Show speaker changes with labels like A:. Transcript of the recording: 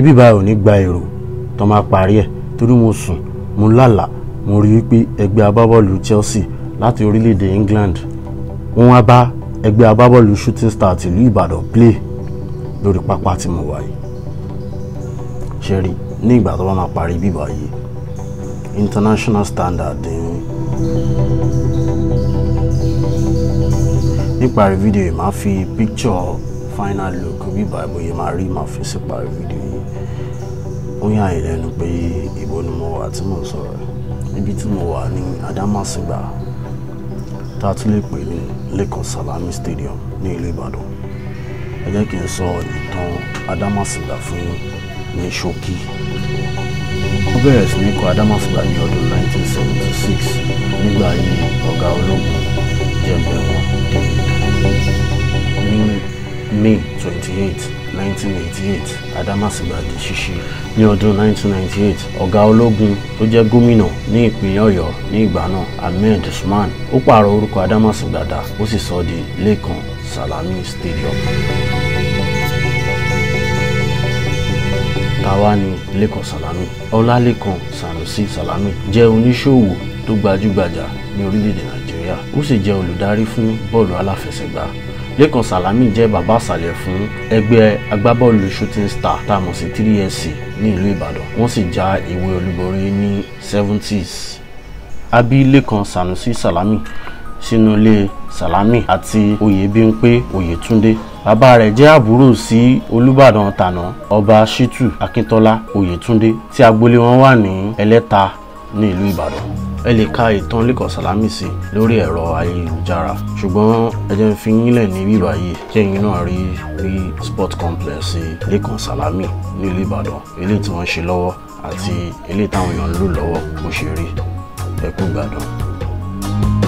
A: ibi báyìí ò ní gba èrò tó máa parí ẹ̀ torí mo sùn mo lálàá mo rí wípé ẹgbẹ́ agbábọ́ọ̀lù Chelsea láti orílẹ̀-èdè England wọ́n wá bá ẹgbẹ́ agbábọ́ọ̀lù Shooting Star tìlú Ìbàdàn play lórí pápá tí mo wà yìí ṣe rí ní ìgbà tó bá máa parí bíbá yìí international standard ni níparí fídíò yìí máa fi picture final look bíbá ìbòye máa rí máa fi síparí fídíò ó yàn yín lẹ́nu pé ìbò ni mo wà tí mò ń sọ̀rọ̀ níbi tí mo wà ní Adámàsìgbà tá a tún lè pè ní Lẹ́kàn Salami Stadium ní ìlú Ìbàdàn ẹ jẹ́ kí n sọ ìtàn Adámàsìgbà fún yín ní ṣókí ó bẹ̀rẹ̀ sí ní kọ Adámàsìgbà ní ọdún 1976 nígbà yìí ọ̀gá ológun jẹ́ bẹ̀rù David. May 28 1988 Adamasingba di ṣíṣí ní ọdún 1998 ọ̀gá ológun tó jẹ́ gómìnà ní ìpínlẹ̀ Ọ̀yọ́ ní ìgbà náà Ahmed Usman ó pààrọ̀ orúkọ Adamasingba dà ó sì sọ di Lẹ́kan Salami Stadium. táwa ni Lẹ́kan Salami Ọlálékan Sanusi Salami jẹ́ oníṣòwò tó gbajúgbajà ní orílẹ̀-èdè Nàìjíríà ó sì jẹ́ olùdarí fún bọ́ọ̀lù aláfẹsẹ̀gbá lẹ́kàn sàlámì jẹ́ bàbá àṣàlẹ̀ fún ẹgbẹ́ agbábọ́ọ̀lù shooting star tá a mọ̀ sí 3sc ní ìlú ìbàdàn wọ́n sì já ìwé olúborí ní 70s abí lẹ́kàn sanusi sàlámì sínú ilé sàlámì àti oyèbímpé oyètúndé bàbá rẹ̀ jẹ́ àbúrò sí olùbàdàn tànà ọba shitu akintola akíntọ́lá oyètúndé tí agboolé wọn wà ní ẹlẹ́ta ní ìlú ìbàdàn ẹ lè ka ìtàn lẹ́kọ̀ọ́ sàlámì sí lórí ẹ̀rọ ayélujára ṣùgbọ́n ẹ jẹ́ ń fi yín lẹ̀ ní bíbá yìí kí ẹ̀yin náà rí rí sport complex lẹ́kọ̀ọ́ sàlámì ní ìlú ìbàdàn eléyìí tí wọ́n ṣe lọ́wọ́ àti eléyìí táwọn èèyàn ń lò bó ṣe rí ẹ kú gbádùn.